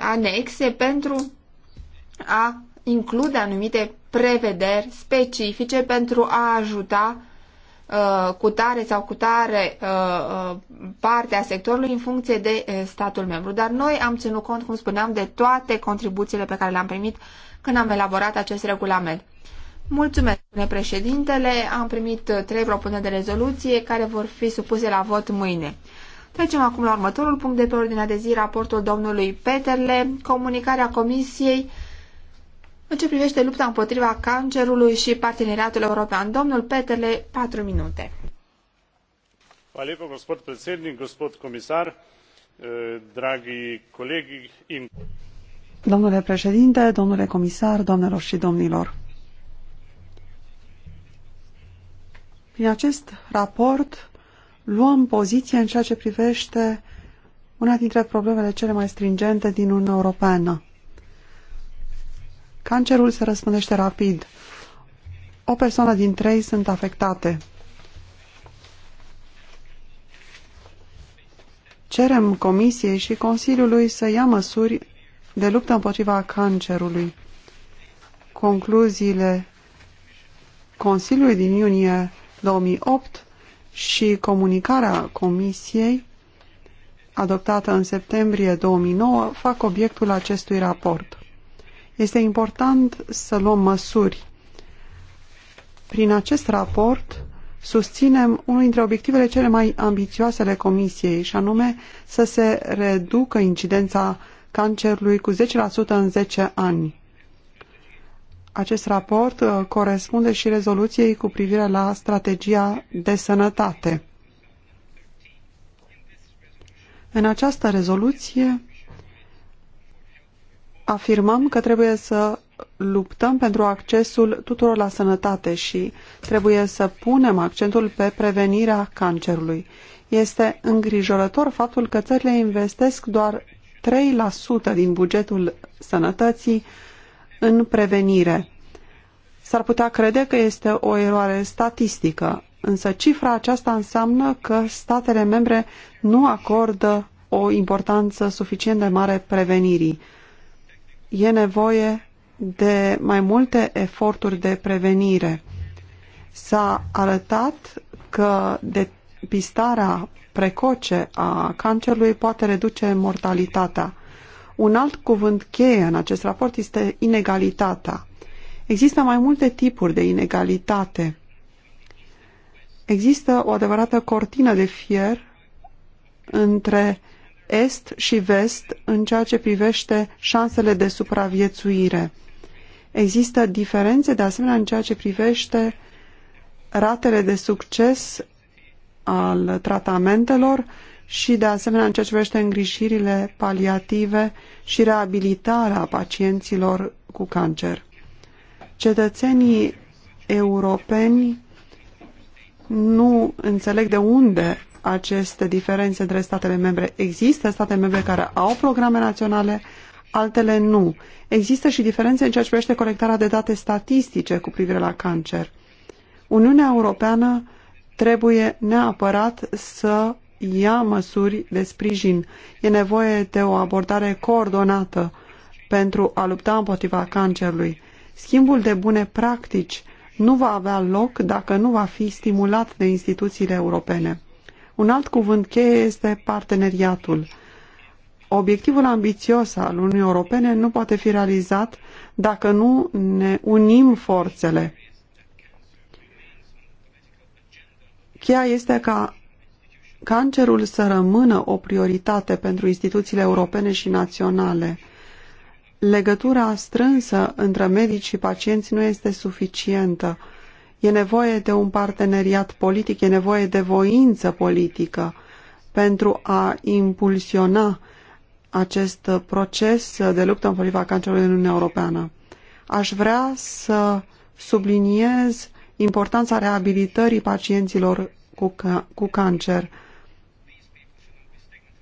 anexe pentru a include anumite prevederi specifice pentru a ajuta uh, cu tare sau cu tare uh, uh, partea sectorului în funcție de uh, statul membru. Dar noi am ținut cont, cum spuneam, de toate contribuțiile pe care le-am primit când am elaborat acest regulament. Mulțumesc, domnule președintele. Am primit uh, trei propuneri de rezoluție care vor fi supuse la vot mâine. Trecem acum la următorul punct de pe ordinea de zi, raportul domnului Peterle, comunicarea Comisiei în ce privește lupta împotriva cancerului și parteneriatul european. Domnul Peterle, 4 minute. Hvala gospod predsednik, gospod comisar, eh, dragi colegi. Domnule președinte, domnule comisar, domnilor și domnilor. Prin acest raport luăm poziție în ceea ce privește una dintre problemele cele mai stringente din Uniunea Europeană. Cancerul se răspândește rapid. O persoană din trei sunt afectate. Cerem Comisiei și Consiliului să ia măsuri de luptă împotriva cancerului. Concluziile Consiliului din iunie 2008 și comunicarea Comisiei adoptată în septembrie 2009 fac obiectul acestui raport. Este important să luăm măsuri. Prin acest raport susținem unul dintre obiectivele cele mai ambițioase ale Comisiei și anume să se reducă incidența cancerului cu 10% în 10 ani acest raport uh, corespunde și rezoluției cu privire la strategia de sănătate. În această rezoluție afirmăm că trebuie să luptăm pentru accesul tuturor la sănătate și trebuie să punem accentul pe prevenirea cancerului. Este îngrijorător faptul că țările investesc doar 3% din bugetul sănătății în prevenire. S-ar putea crede că este o eroare statistică, însă cifra aceasta înseamnă că statele membre nu acordă o importanță suficient de mare prevenirii. E nevoie de mai multe eforturi de prevenire. S-a arătat că depistarea precoce a cancerului poate reduce mortalitatea. Un alt cuvânt cheie în acest raport este inegalitatea. Există mai multe tipuri de inegalitate. Există o adevărată cortină de fier între est și vest în ceea ce privește șansele de supraviețuire. Există diferențe de asemenea în ceea ce privește ratele de succes al tratamentelor și, de asemenea, în ceea ce vrește îngrijirile paliative și reabilitarea pacienților cu cancer. Cetățenii europeni nu înțeleg de unde aceste diferențe între statele membre. Există state membre care au programe naționale, altele nu. Există și diferențe în ceea ce privește colectarea de date statistice cu privire la cancer. Uniunea Europeană trebuie neapărat să ia măsuri de sprijin. E nevoie de o abordare coordonată pentru a lupta împotriva cancerului. Schimbul de bune practici nu va avea loc dacă nu va fi stimulat de instituțiile europene. Un alt cuvânt cheie este parteneriatul. Obiectivul ambițios al Uniunii Europene nu poate fi realizat dacă nu ne unim forțele. Cheia este ca cancerul să rămână o prioritate pentru instituțiile europene și naționale. Legătura strânsă între medici și pacienți nu este suficientă. E nevoie de un parteneriat politic, e nevoie de voință politică pentru a impulsiona acest proces de luptă împotriva cancerului în Uniunea Europeană. Aș vrea să subliniez importanța reabilitării pacienților cu, ca cu cancer.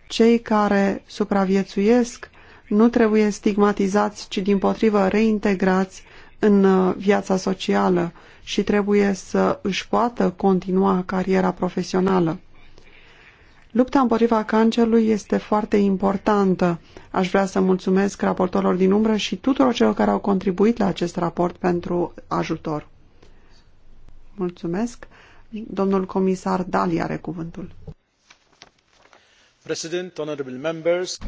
Cei care supraviețuiesc nu trebuie stigmatizați, ci din potrivă reintegrați în uh, viața socială și trebuie să își poată continua cariera profesională. Lupta împotriva cancerului este foarte importantă. Aș vrea să mulțumesc raportorilor din umbră și tuturor celor care au contribuit la acest raport pentru ajutor. Mulțumesc. Domnul comisar Dali are cuvântul.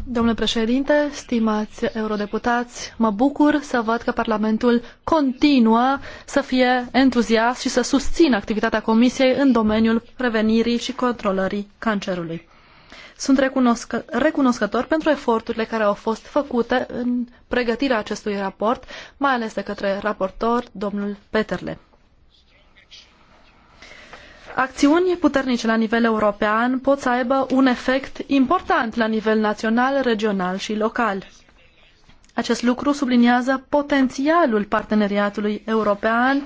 Domnule președinte, stimați eurodeputați, mă bucur să văd că Parlamentul continuă să fie entuziast și să susțină activitatea Comisiei în domeniul prevenirii și controlării cancerului. Sunt recunoscă, recunoscător pentru eforturile care au fost făcute în pregătirea acestui raport, mai ales de către raportor, domnul Peterle acțiuni puternice la nivel european pot să aibă un efect important la nivel național, regional și local. Acest lucru subliniază potențialul parteneriatului european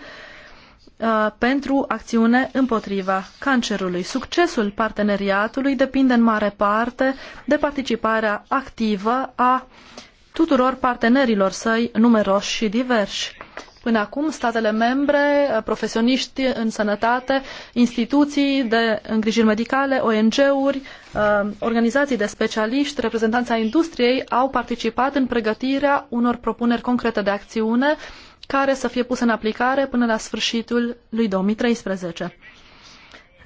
uh, pentru acțiune împotriva cancerului. Succesul parteneriatului depinde în mare parte de participarea activă a tuturor partenerilor săi numeroși și diversi. Până acum, statele membre, profesioniști în sănătate, instituții de îngrijiri medicale, ONG-uri, uh, organizații de specialiști, reprezentanți ai industriei au participat în pregătirea unor propuneri concrete de acțiune care să fie puse în aplicare până la sfârșitul lui 2013.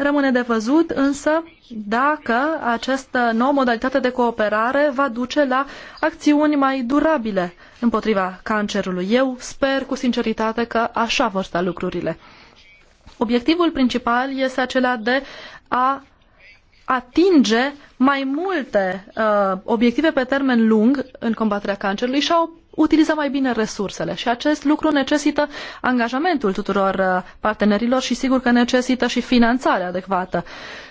Rămâne de văzut însă dacă această nouă modalitate de cooperare va duce la acțiuni mai durabile împotriva cancerului. Eu sper cu sinceritate că așa vor sta lucrurile. Obiectivul principal este acela de a atinge mai multe uh, obiective pe termen lung în combaterea cancerului și a utiliza mai bine resursele și acest lucru necesită angajamentul tuturor uh, partenerilor și sigur că necesită și finanțare adecvată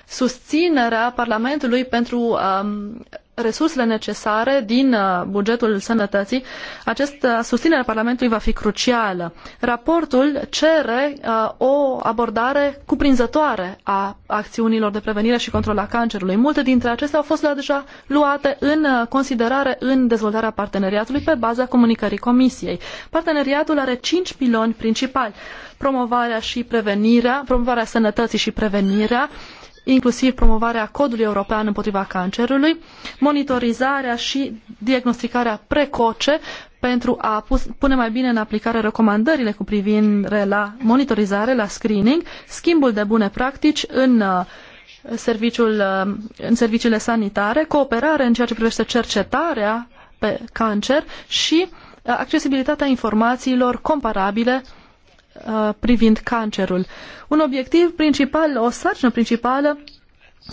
susținerea Parlamentului pentru um, resursele necesare din uh, bugetul sănătății, această susținere a Parlamentului va fi crucială. Raportul cere uh, o abordare cuprinzătoare a acțiunilor de prevenire și control a cancerului. Multe dintre acestea au fost deja luate în uh, considerare în dezvoltarea parteneriatului pe baza comunicării Comisiei. Parteneriatul are cinci piloni principali. Promovarea și prevenirea, promovarea sănătății și prevenirea, inclusiv promovarea codului european împotriva cancerului, monitorizarea și diagnosticarea precoce pentru a pune mai bine în aplicare recomandările cu privire la monitorizare, la screening, schimbul de bune practici în uh, serviciul, uh, în serviciile sanitare, cooperare în ceea ce privește cercetarea pe cancer și uh, accesibilitatea informațiilor comparabile Uh, privind cancerul. Un obiectiv principal, o sarcină principală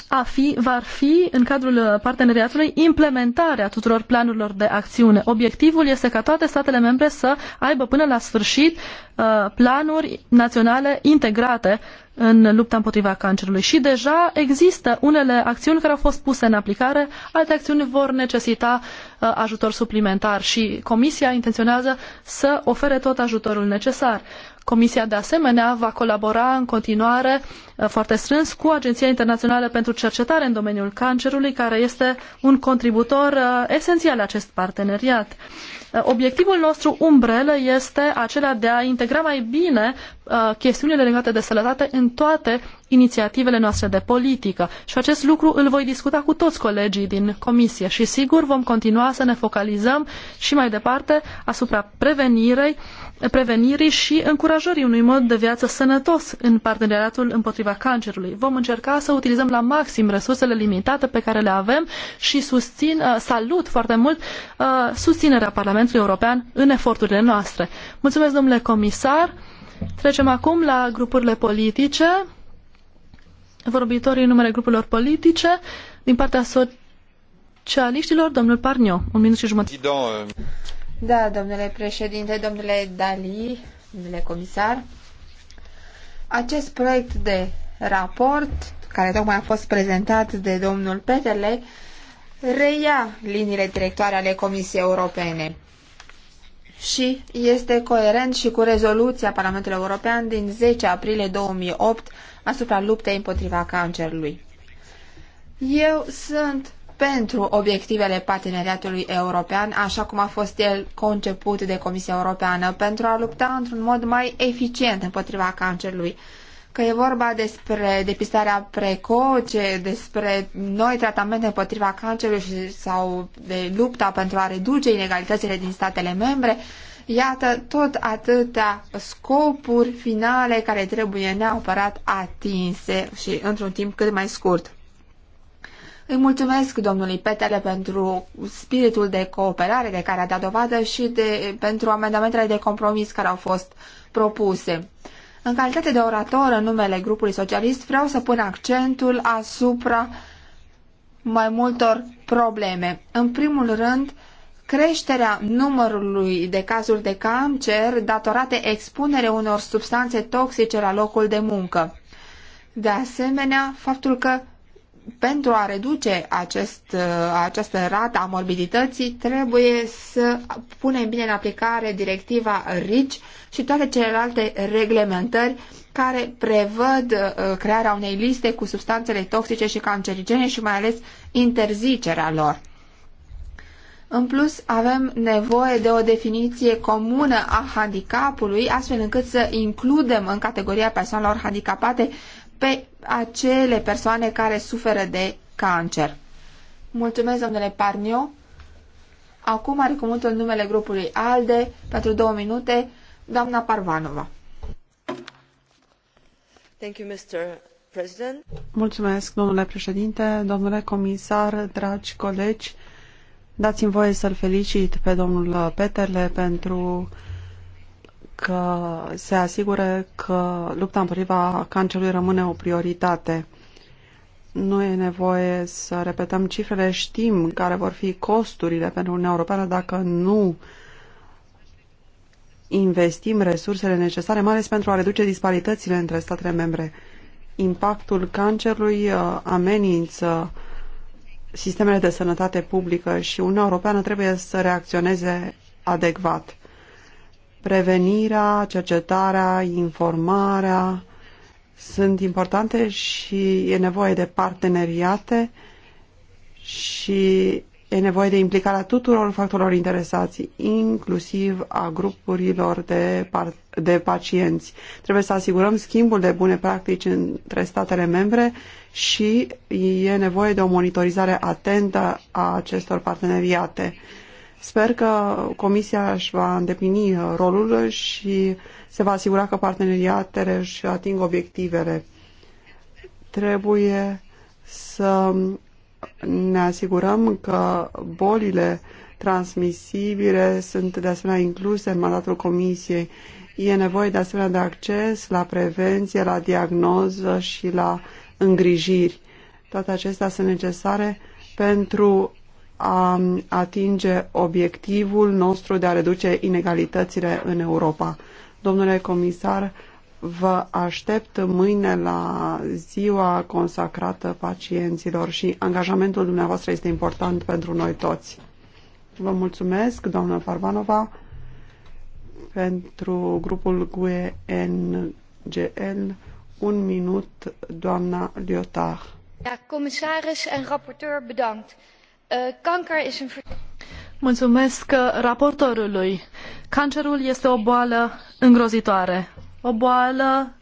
a fi, va fi, în cadrul parteneriatului, implementarea tuturor planurilor de acțiune. Obiectivul este ca toate statele membre să aibă până la sfârșit uh, planuri naționale integrate în lupta împotriva cancerului. Și deja există unele acțiuni care au fost puse în aplicare, alte acțiuni vor necesita uh, ajutor suplimentar și Comisia intenționează să ofere tot ajutorul necesar. Comisia, de asemenea, va colabora în continuare uh, foarte strâns cu Agenția Internațională pentru Cercetare în domeniul cancerului, care este un contributor uh, esențial la acest parteneriat. Uh, obiectivul nostru umbrelă este acela de a integra mai bine chestiunile legate de sănătate în toate inițiativele noastre de politică. Și acest lucru îl voi discuta cu toți colegii din comisie și sigur vom continua să ne focalizăm și mai departe asupra prevenirei prevenirii și încurajării unui mod de viață sănătos în parteneriatul împotriva cancerului. Vom încerca să utilizăm la maxim resursele limitate pe care le avem și susțin, uh, salut foarte mult uh, susținerea Parlamentului European în eforturile noastre. Mulțumesc, domnule comisar. Trecem acum la grupurile politice. Vorbitorii în numele grupurilor politice din partea socialiștilor, domnul Parnio, un minut și jumătate. Da, domnule președinte, domnule Dali, domnule comisar, acest proiect de raport, care tocmai a fost prezentat de domnul Petele, reia liniile directoare ale Comisiei Europene și este coerent și cu rezoluția Parlamentului European din 10 aprilie 2008 asupra luptei împotriva cancerului. Eu sunt pentru obiectivele parteneriatului european, așa cum a fost el conceput de Comisia Europeană, pentru a lupta într-un mod mai eficient împotriva cancerului. Că e vorba despre depistarea precoce, despre noi tratamente împotriva cancerului sau de lupta pentru a reduce inegalitățile din statele membre, iată tot atâtea scopuri finale care trebuie neapărat atinse și într-un timp cât mai scurt. Îi mulțumesc domnului Petele pentru spiritul de cooperare de care a dat dovadă și de, pentru amendamentele de compromis care au fost propuse. În calitate de orator în numele grupului socialist vreau să pun accentul asupra mai multor probleme. În primul rând, creșterea numărului de cazuri de cancer datorate expunere unor substanțe toxice la locul de muncă. De asemenea, faptul că pentru a reduce acest, uh, această rată a morbidității, trebuie să punem bine în aplicare directiva RICI și toate celelalte reglementări care prevăd uh, crearea unei liste cu substanțele toxice și cancerigene și mai ales interzicerea lor. În plus, avem nevoie de o definiție comună a handicapului, astfel încât să includem în categoria persoanelor handicapate pe acele persoane care suferă de cancer. Mulțumesc, domnule Parnio. Acum are cuvântul numele grupului ALDE pentru două minute, doamna Parvanova. Thank you, Mr. President. Mulțumesc, domnule președinte, domnule comisar, dragi colegi. Dați-mi voie să-l felicit pe domnul Peterle pentru uh, că se asigure că lupta împotriva cancerului rămâne o prioritate. Nu e nevoie să repetăm cifrele, știm care vor fi costurile pentru Uniunea Europeană dacă nu investim resursele necesare, mai ales pentru a reduce disparitățile între statele membre. Impactul cancerului uh, amenință sistemele de sănătate publică și Uniunea Europeană trebuie să reacționeze adecvat prevenirea, cercetarea, informarea sunt importante și e nevoie de parteneriate și e nevoie de implicarea tuturor factorilor interesați, inclusiv a grupurilor de, de pacienți. Trebuie să asigurăm schimbul de bune practici între statele membre și e nevoie de o monitorizare atentă a acestor parteneriate. Sper că Comisia își va îndeplini uh, rolul și se va asigura că parteneriatele își ating obiectivele. Trebuie să ne asigurăm că bolile transmisibile sunt de asemenea incluse în mandatul Comisiei. E nevoie de asemenea de acces la prevenție, la diagnoză și la îngrijiri. Toate acestea sunt necesare pentru a atinge obiectivul nostru de a reduce inegalitățile în Europa. Domnule comisar, vă aștept mâine la ziua consacrată pacienților și angajamentul dumneavoastră este important pentru noi toți. Vă mulțumesc, doamnă Farvanova, pentru grupul GUE NGL. Un minut, doamna Liotar. Ja, commissaris en rapporteur, bedankt. Mulțumesc raportorului. Cancerul este o boală îngrozitoare. O boală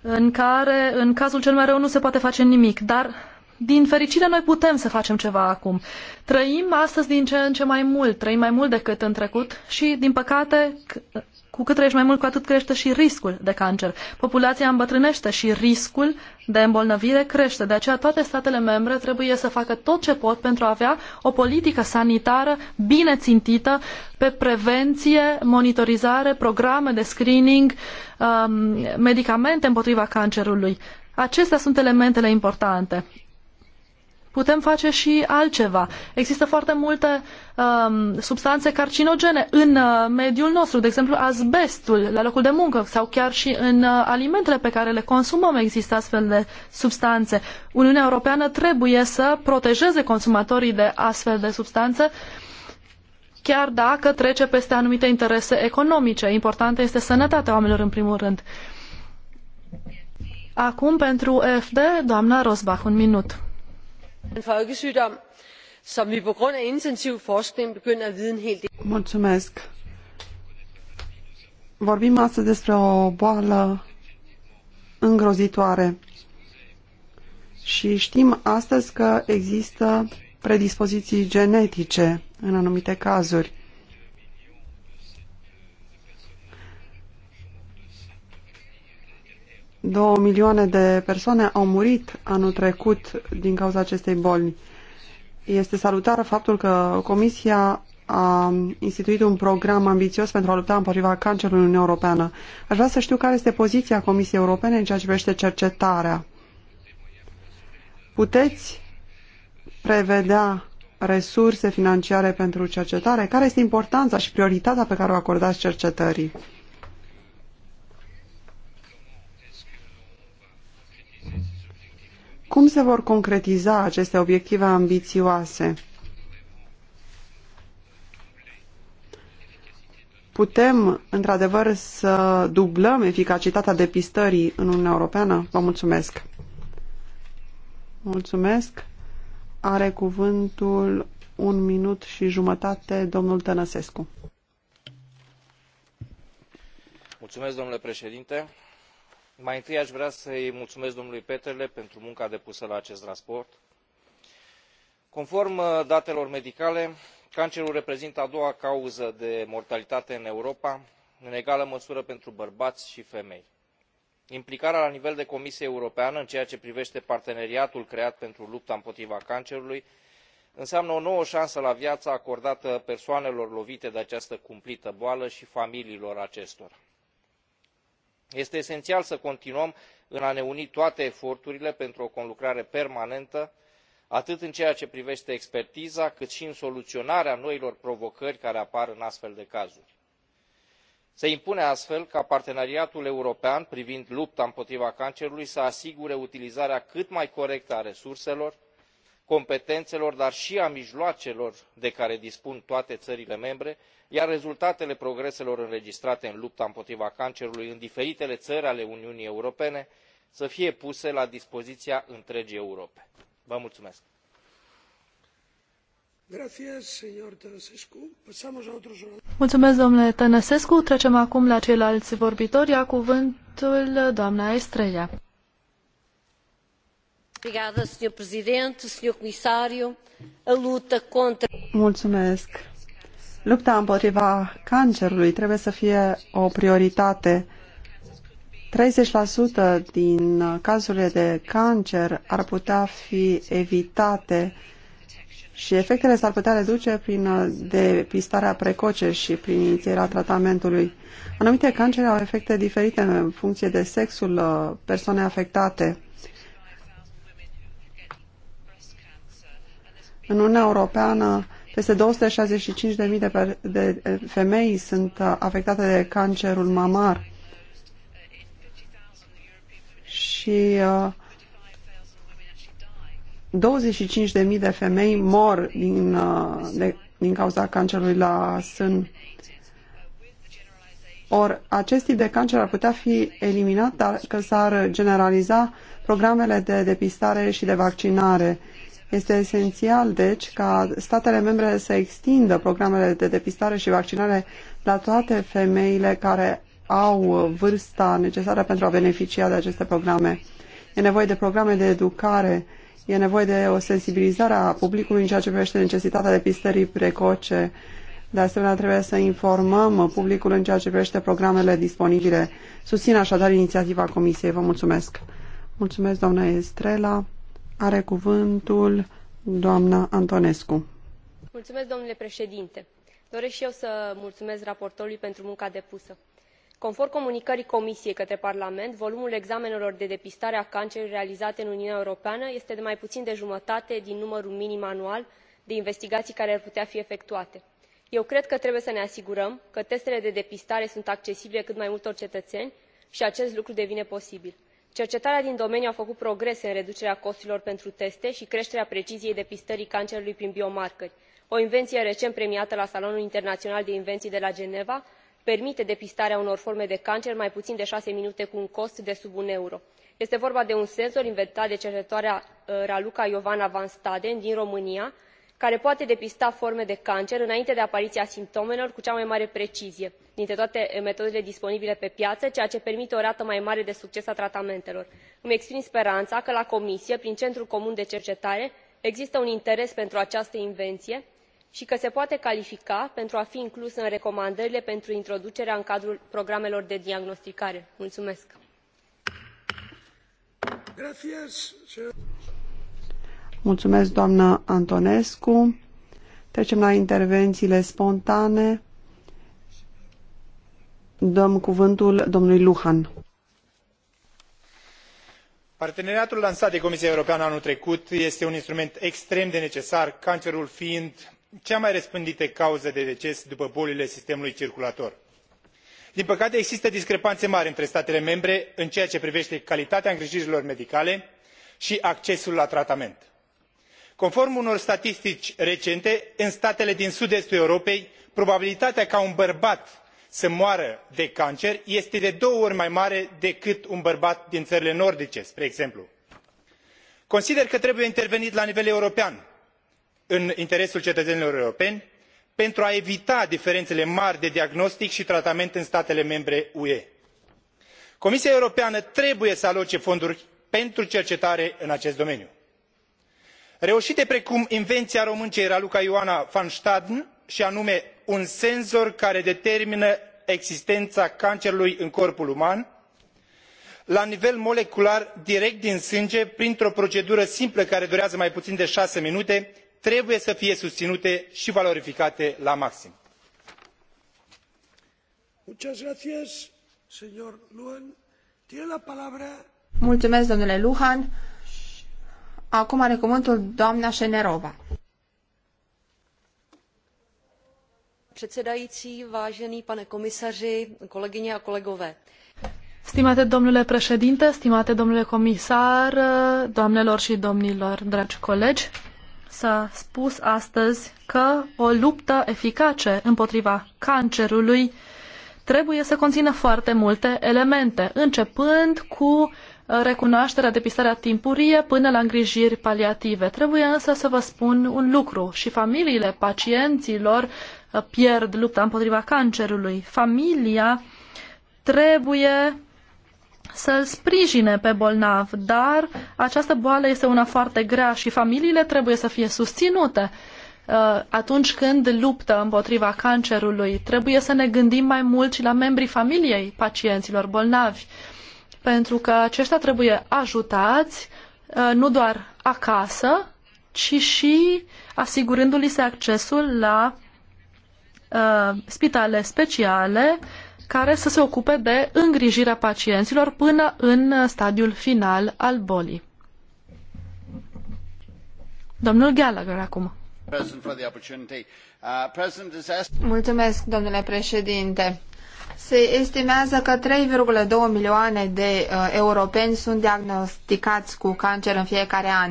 în care, în cazul cel mai rău, nu se poate face nimic, dar din fericire noi putem să facem ceva acum. Trăim astăzi din ce în ce mai mult, trăim mai mult decât în trecut și, din păcate, cu cât trăiești mai mult, cu atât crește și riscul de cancer. Populația îmbătrânește și riscul de îmbolnăvire crește. De aceea toate statele membre trebuie să facă tot ce pot pentru a avea o politică sanitară bine țintită pe prevenție, monitorizare, programe de screening, um, medicamente împotriva cancerului. Acestea sunt elementele importante putem face și altceva. Există foarte multe um, substanțe carcinogene în uh, mediul nostru, de exemplu azbestul la locul de muncă sau chiar și în uh, alimentele pe care le consumăm există astfel de substanțe. Uniunea Europeană trebuie să protejeze consumatorii de astfel de substanțe chiar dacă trece peste anumite interese economice. Importantă este sănătatea oamenilor în primul rând. Acum pentru FD, doamna Rosbach, un minut folkesygdom som vi på grund af intensiv forskning begynder at vide en hel del Mulțumesc. Vorbim astăzi despre o boală îngrozitoare și știm astăzi că există predispoziții genetice în anumite cazuri. Două milioane de persoane au murit anul trecut din cauza acestei boli. Este salutară faptul că Comisia a instituit un program ambițios pentru a lupta împotriva cancerului în Uniunea Europeană. Aș vrea să știu care este poziția Comisiei Europene în ceea ce privește cercetarea. Puteți prevedea resurse financiare pentru cercetare? Care este importanța și prioritatea pe care o acordați cercetării? Cum se vor concretiza aceste obiective ambițioase? Putem, într-adevăr, să dublăm eficacitatea depistării în Uniunea Europeană? Vă mulțumesc! Mulțumesc! Are cuvântul un minut și jumătate domnul Tănăsescu. Mulțumesc, domnule președinte! mai întâi a vrea să i mulumesc domnului peterle pentru munca depusă la acest raport. conform uh, datelor medicale cancerul reprezintă a doua cauză de mortalitate în europa în egală măsură pentru bărbai i femei. implicarea la nivel de comisie europeană în ceea ce privete parteneriatul creat pentru lupta împotriva cancerului înseamnă o nouă ansă la viaă acordată persoanelor lovite de această cumplită boală i familiilor acestora este esenial să continuăm în a ne uni toate eforturile pentru o conlucrare permanentă atât în ceea ce privete expertiza cât i în soluionarea noilor provocări care apar în astfel de cazuri. se impune astfel ca parteneriatul european privind lupta împotriva cancerului să asigure utilizarea cât mai corectă a resurselor competenelor dar i a mijloacelor de care dispun toate ările membre iar rezultatele progreselor înregistrate în lupta împotriva cancerului în diferitele ări ale uniunii europene să fie puse la dispoziia întregii europe. vă mulțumesc. Mulțumesc, domnule Tănăsescu. Trecem acum la ceilalți vorbitori. Ia cuvântul doamna Estrella contra... Mulțumesc. Lupta împotriva cancerului trebuie să fie o prioritate. treizeci din cazurile de cancer ar putea fi evitate și efectele s-ar putea reduce prin depistarea precoce și prin inițierea tratamentului. Anumite cancere au efecte diferite în funcție de sexul uh, persoanei afectate. În Uniunea Europeană, peste 265.000 de, de eh, femei sunt eh, afectate de cancerul mamar și uh, eh, 25.000 de femei mor din, uh, de, din cauza cancerului la sân. Or, acest tip de cancer ar putea fi eliminat dacă s-ar generaliza programele de depistare și de vaccinare este esențial, deci, ca statele membre să extindă programele de depistare și vaccinare la toate femeile care au vârsta necesară pentru a beneficia de aceste programe. E nevoie de programe de educare, e nevoie de o sensibilizare a publicului în ceea ce privește necesitatea depistării precoce. De asemenea, trebuie să informăm publicul în ceea ce privește programele disponibile. Susțin așadar inițiativa Comisiei. Vă mulțumesc. Mulțumesc, doamna Estrela. Are cuvântul doamna Antonescu. Mulțumesc, domnule președinte. Doresc și eu să mulțumesc raportorului pentru munca depusă. Conform comunicării Comisiei către Parlament, volumul examenelor de depistare a cancerului realizate în Uniunea Europeană este de mai puțin de jumătate din numărul minim anual de investigații care ar putea fi efectuate. Eu cred că trebuie să ne asigurăm că testele de depistare sunt accesibile cât mai multor cetățeni și acest lucru devine posibil cercetarea din domeniu a făcut progrese în reducerea costurilor pentru teste i creterea preciziei depistării cancerului prin biomarcări. o invenie recent premiată la salonul internaional de invenii de la geneva permite depistarea unor forme de cancer în mai puin de ase minute cu un cost de sub un euro. este vorba de un senzor inventat de cercetătoarea uh, raluca iovanna van staden din românia care poate depista forme de cancer înainte de apariia simptomelor cu cea mai mare precizie dintre toate eh, metodele disponibile pe piaă ceea ce permite o rată mai mare de succes a tratamentelor. îmi exprim sperana că la comisie prin centrul comun de cercetare există un interes pentru această invenie i că se poate califica pentru a fi inclusă în recomandările pentru introducerea în cadrul programelor de diagnosticare. Mulțumesc, doamnă Antonescu. Trecem la intervențiile spontane. Dăm cuvântul domnului Luhan. Parteneriatul lansat de Comisia Europeană anul trecut este un instrument extrem de necesar, cancerul fiind cea mai răspândită cauză de deces după bolile sistemului circulator. Din păcate, există discrepanțe mari între statele membre în ceea ce privește calitatea îngrijirilor medicale și accesul la tratament conform unor statistici recente în statele din sud estul europei probabilitatea ca un bărbat să moară de cancer este de două ori mai mare decât un bărbat din țările nordice spre exemplu. consider că trebuie intervenit la nivel european în interesul cetățenilor europeni pentru a evita diferențele mari de diagnostic și tratament în statele membre ue. comisia europeană trebuie să aloce fonduri pentru cercetare în acest domeniu reuite precum invenia româncei raluca ioana van staden i anume un senzor care determină existena cancerului în corpul uman la nivel molecular direct din sânge printr o procedură simplă care durează mai puin de ase minute trebuie să fie susinute i valorificate la maxim. Mulțumesc, Luhan. Acum are cuvântul doamna Șenerova. Předsedající, vážený pane komisaři, kolegyně a kolegové. Stimate domnule președinte, stimate domnule comisar, doamnelor și domnilor, dragi colegi, s-a spus astăzi că o luptă eficace împotriva cancerului trebuie să conțină foarte multe elemente, începând cu recunoașterea, depistarea timpurie până la îngrijiri paliative. Trebuie însă să vă spun un lucru și familiile pacienților uh, pierd lupta împotriva cancerului. Familia trebuie să-l sprijine pe bolnav, dar această boală este una foarte grea și familiile trebuie să fie susținute uh, atunci când luptă împotriva cancerului. Trebuie să ne gândim mai mult și la membrii familiei pacienților bolnavi pentru că aceștia trebuie ajutați uh, nu doar acasă, ci și asigurându-li se accesul la uh, spitale speciale care să se ocupe de îngrijirea pacienților până în uh, stadiul final al bolii. Domnul Gallagher acum. Uh, Mulțumesc, domnule președinte se estimează că 3,2 milioane de uh, europeni sunt diagnosticați cu cancer în fiecare an.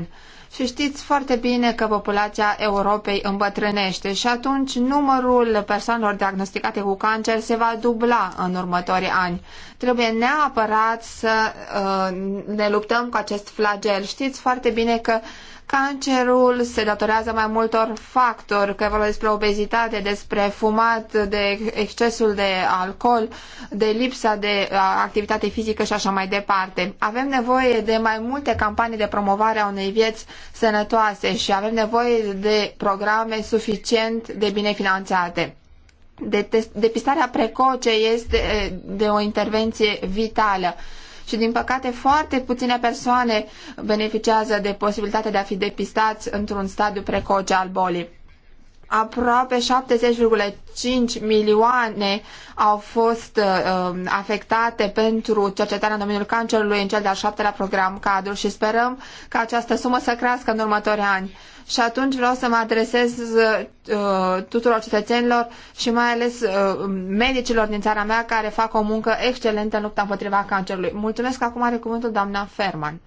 Și știți foarte bine că populația Europei îmbătrânește și atunci numărul persoanelor diagnosticate cu cancer se va dubla în următorii ani. Trebuie neapărat să uh, ne luptăm cu acest flagel. Știți foarte bine că uh, Cancerul se datorează mai multor factori, că vorbim despre obezitate, despre fumat, de excesul de alcool, de lipsa de activitate fizică și așa mai departe. Avem nevoie de mai multe campanii de promovare a unei vieți sănătoase și avem nevoie de programe suficient de bine finanțate. Depistarea precoce este de o intervenție vitală și din păcate foarte puține persoane beneficiază de posibilitatea de a fi depistați într-un stadiu precoce al bolii aproape 70,5 milioane au fost uh, um, afectate pentru cercetarea în domeniul cancerului în cel de-al șaptelea program cadru și sperăm ca această sumă să crească în următorii ani. Și atunci vreau să mă adresez uh, tuturor cetățenilor și mai ales uh, medicilor din țara mea care fac o muncă excelentă în lupta împotriva cancerului. Mulțumesc, acum are cuvântul doamna Ferman.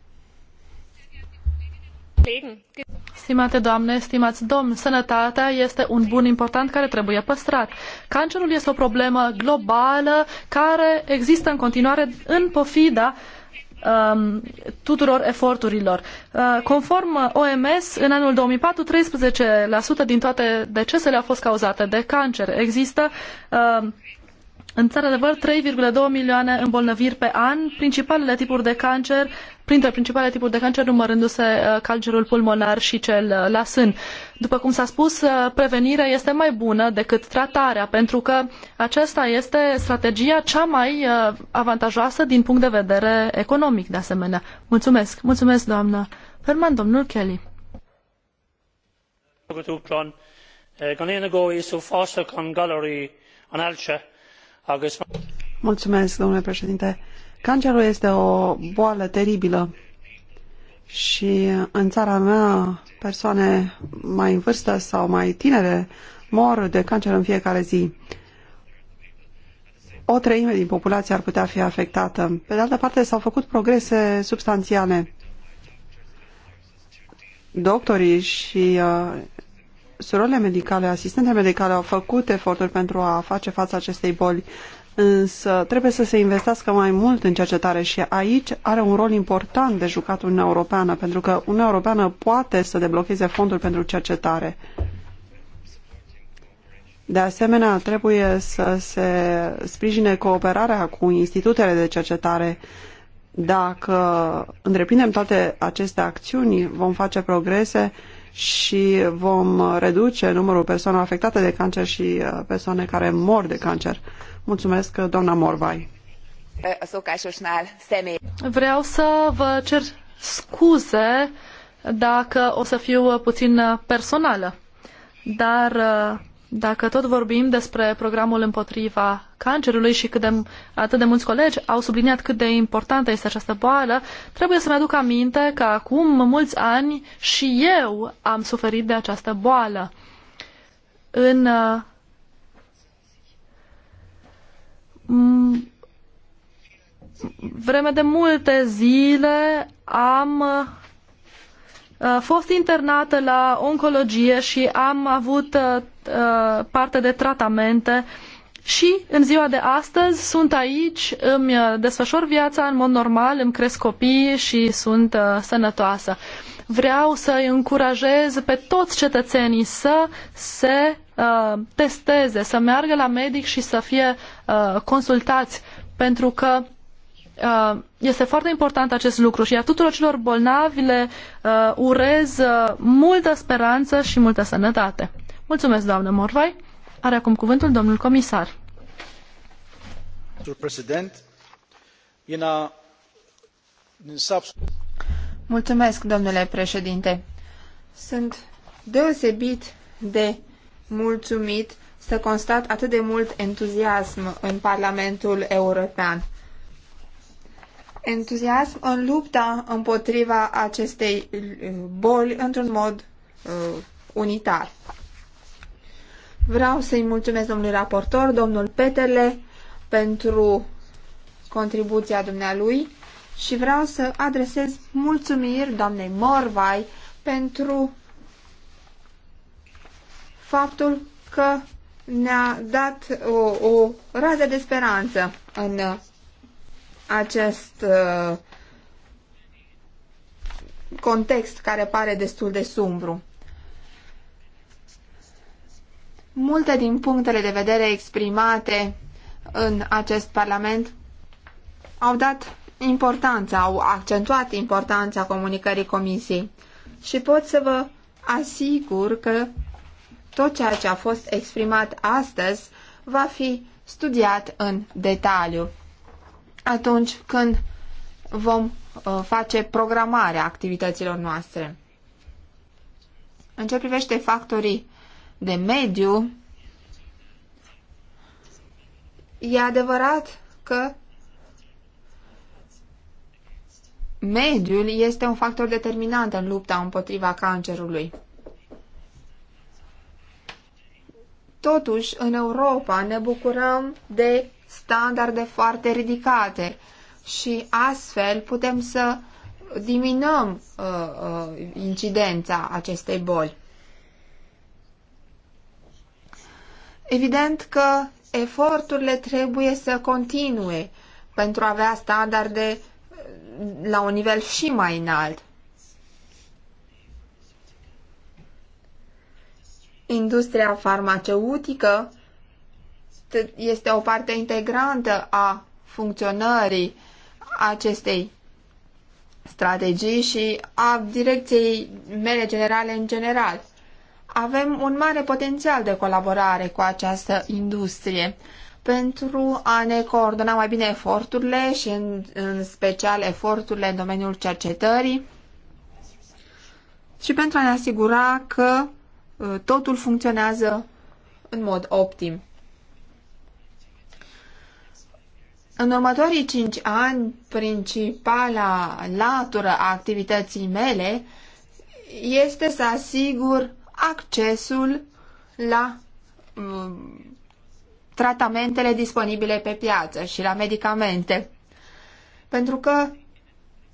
Stimate doamne, stimați domni, sănătatea este un bun important care trebuie păstrat. Cancerul este o problemă globală care există în continuare în pofida um, tuturor eforturilor. Uh, conform OMS, în anul 2004, 13% din toate decesele au fost cauzate de cancer. Există în țară de văr 3,2 milioane îmbolnăviri pe an. Principalele tipuri de cancer printre principalele tipuri de cancer, numărându-se uh, cancerul pulmonar și cel uh, la sân. După cum s-a spus, uh, prevenirea este mai bună decât tratarea, pentru că aceasta este strategia cea mai avantajoasă din punct de vedere economic, de asemenea. Mulțumesc, mulțumesc, doamnă. Ferman, domnul Kelly. Mulțumesc, domnule președinte Cancerul este o boală teribilă și în țara mea persoane mai în vârstă sau mai tinere mor de cancer în fiecare zi. O treime din populație ar putea fi afectată. Pe de altă parte, s-au făcut progrese substanțiale. Doctorii și uh, surorile medicale, asistentele medicale au făcut eforturi pentru a face față acestei boli, însă trebuie să se investească mai mult în cercetare și aici are un rol important de jucat Uniunea Europeană, pentru că Uniunea Europeană poate să deblocheze fonduri pentru cercetare. De asemenea, trebuie să se sprijine cooperarea cu institutele de cercetare. Dacă întreprindem toate aceste acțiuni, vom face progrese și vom reduce numărul persoanelor afectate de cancer și uh, persoane care mor de cancer. Mulțumesc, uh, doamna Morvai. Vreau să vă cer scuze dacă o să fiu puțin personală, dar uh, dacă tot vorbim despre programul împotriva cancerului și cât de, atât de mulți colegi au subliniat cât de importantă este această boală, trebuie să-mi aduc aminte că acum mulți ani și eu am suferit de această boală. În uh, vreme de multe zile am uh, fost internată la oncologie și am avut parte de tratamente și în ziua de astăzi sunt aici, îmi desfășor viața în mod normal, îmi cresc copii și sunt sănătoasă. Vreau să îi încurajez pe toți cetățenii să se testeze, să meargă la medic și să fie uh, consultați, pentru că Uh, este foarte important acest lucru și a tuturor celor bolnavi le uh, urez uh, multă speranță și multă sănătate. Mulțumesc, doamnă Morvai. Are acum cuvântul domnul comisar. Mulțumesc, domnule președinte. Sunt deosebit de mulțumit să constat atât de mult entuziasm în Parlamentul European entuziasm în lupta împotriva acestei uh, boli într-un mod uh, unitar. Vreau să-i mulțumesc domnului raportor, domnul Petele, pentru contribuția dumnealui și vreau să adresez mulțumiri doamnei Morvai pentru faptul că ne-a dat o, o rază de speranță în acest uh, context care pare destul de sumbru. Multe din punctele de vedere exprimate în acest Parlament au dat importanța, au accentuat importanța comunicării Comisiei și pot să vă asigur că tot ceea ce a fost exprimat astăzi va fi studiat în detaliu atunci când vom uh, face programarea activităților noastre. În ce privește factorii de mediu, e adevărat că mediul este un factor determinant în lupta împotriva cancerului. Totuși, în Europa ne bucurăm de standarde foarte ridicate și astfel putem să diminuăm uh, uh, incidența acestei boli. Evident că eforturile trebuie să continue pentru a avea standarde uh, la un nivel și mai înalt. Industria farmaceutică este o parte integrantă a funcționării acestei strategii și a direcției mele generale în general. Avem un mare potențial de colaborare cu această industrie pentru a ne coordona mai bine eforturile și în, în special eforturile în domeniul cercetării și pentru a ne asigura că uh, totul funcționează în mod optim. În următorii cinci ani, principala latură a activității mele este să asigur accesul la mm, tratamentele disponibile pe piață și la medicamente. Pentru că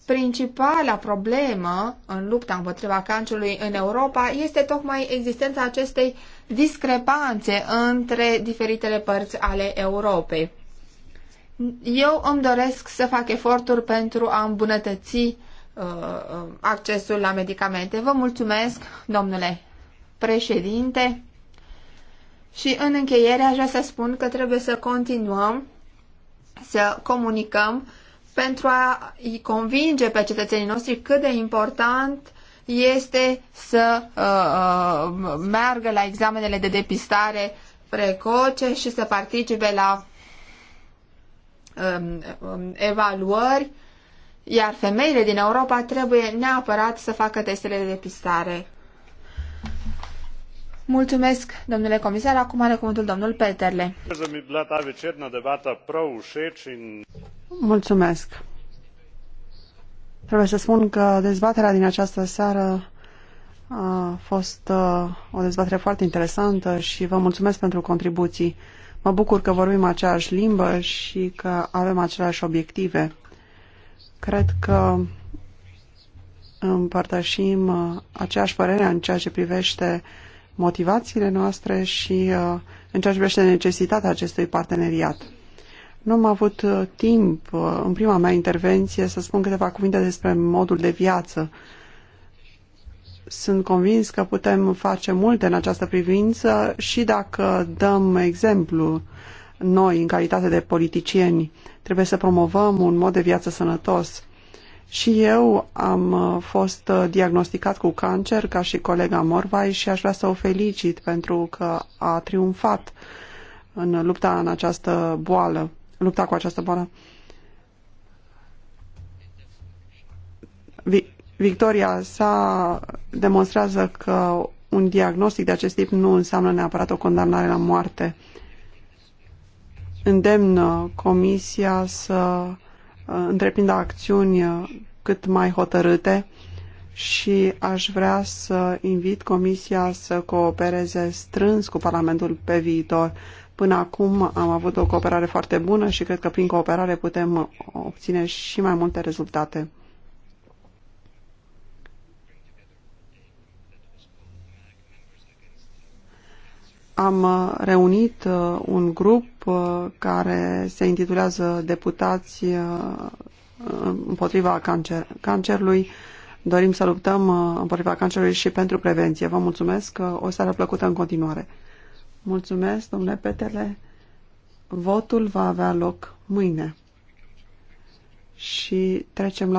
principala problemă în lupta împotriva cancerului în Europa este tocmai existența acestei discrepanțe între diferitele părți ale Europei. Eu îmi doresc să fac eforturi pentru a îmbunătăți uh, uh, accesul la medicamente. Vă mulțumesc, domnule președinte. Și în încheiere aș vrea să spun că trebuie să continuăm să comunicăm pentru a-i convinge pe cetățenii noștri cât de important este să uh, uh, meargă la examenele de depistare precoce și să participe la Um, um, evaluări, iar femeile din Europa trebuie neapărat să facă testele de depistare. Mulțumesc, domnule comisar. Acum are cuvântul domnul Peterle. Mulțumesc. Trebuie să spun că dezbaterea din această seară a fost uh, o dezbatere foarte interesantă și vă mulțumesc pentru contribuții. Mă bucur că vorbim aceeași limbă și că avem aceleași obiective. Cred că împărtășim uh, aceeași părere în ceea ce privește motivațiile noastre și uh, în ceea ce privește necesitatea acestui parteneriat. Nu am avut uh, timp în prima mea intervenție să spun câteva cuvinte despre modul de viață sunt convins că putem face multe în această privință și dacă dăm exemplu noi, în calitate de politicieni, trebuie să promovăm un mod de viață sănătos. Și eu am uh, fost uh, diagnosticat cu cancer, ca și colega Morvai, și aș vrea să o felicit pentru că a triumfat în lupta în această boală, lupta cu această boală. Victoria sa demonstrează că un diagnostic de acest tip nu înseamnă neapărat o condamnare la moarte. Îndemnă Comisia să uh, întreprindă acțiuni uh, cât mai hotărâte și aș vrea să invit Comisia să coopereze strâns cu Parlamentul pe viitor. Până acum am avut o cooperare foarte bună și cred că prin cooperare putem obține și mai multe rezultate. am uh, reunit uh, un grup uh, care se intitulează Deputați împotriva cancer, cancerului. Dorim să luptăm împotriva cancerului și pentru prevenție. Vă mulțumesc. O seară plăcută în continuare. Mulțumesc, domnule Petele. Votul va avea loc mâine. Și trecem la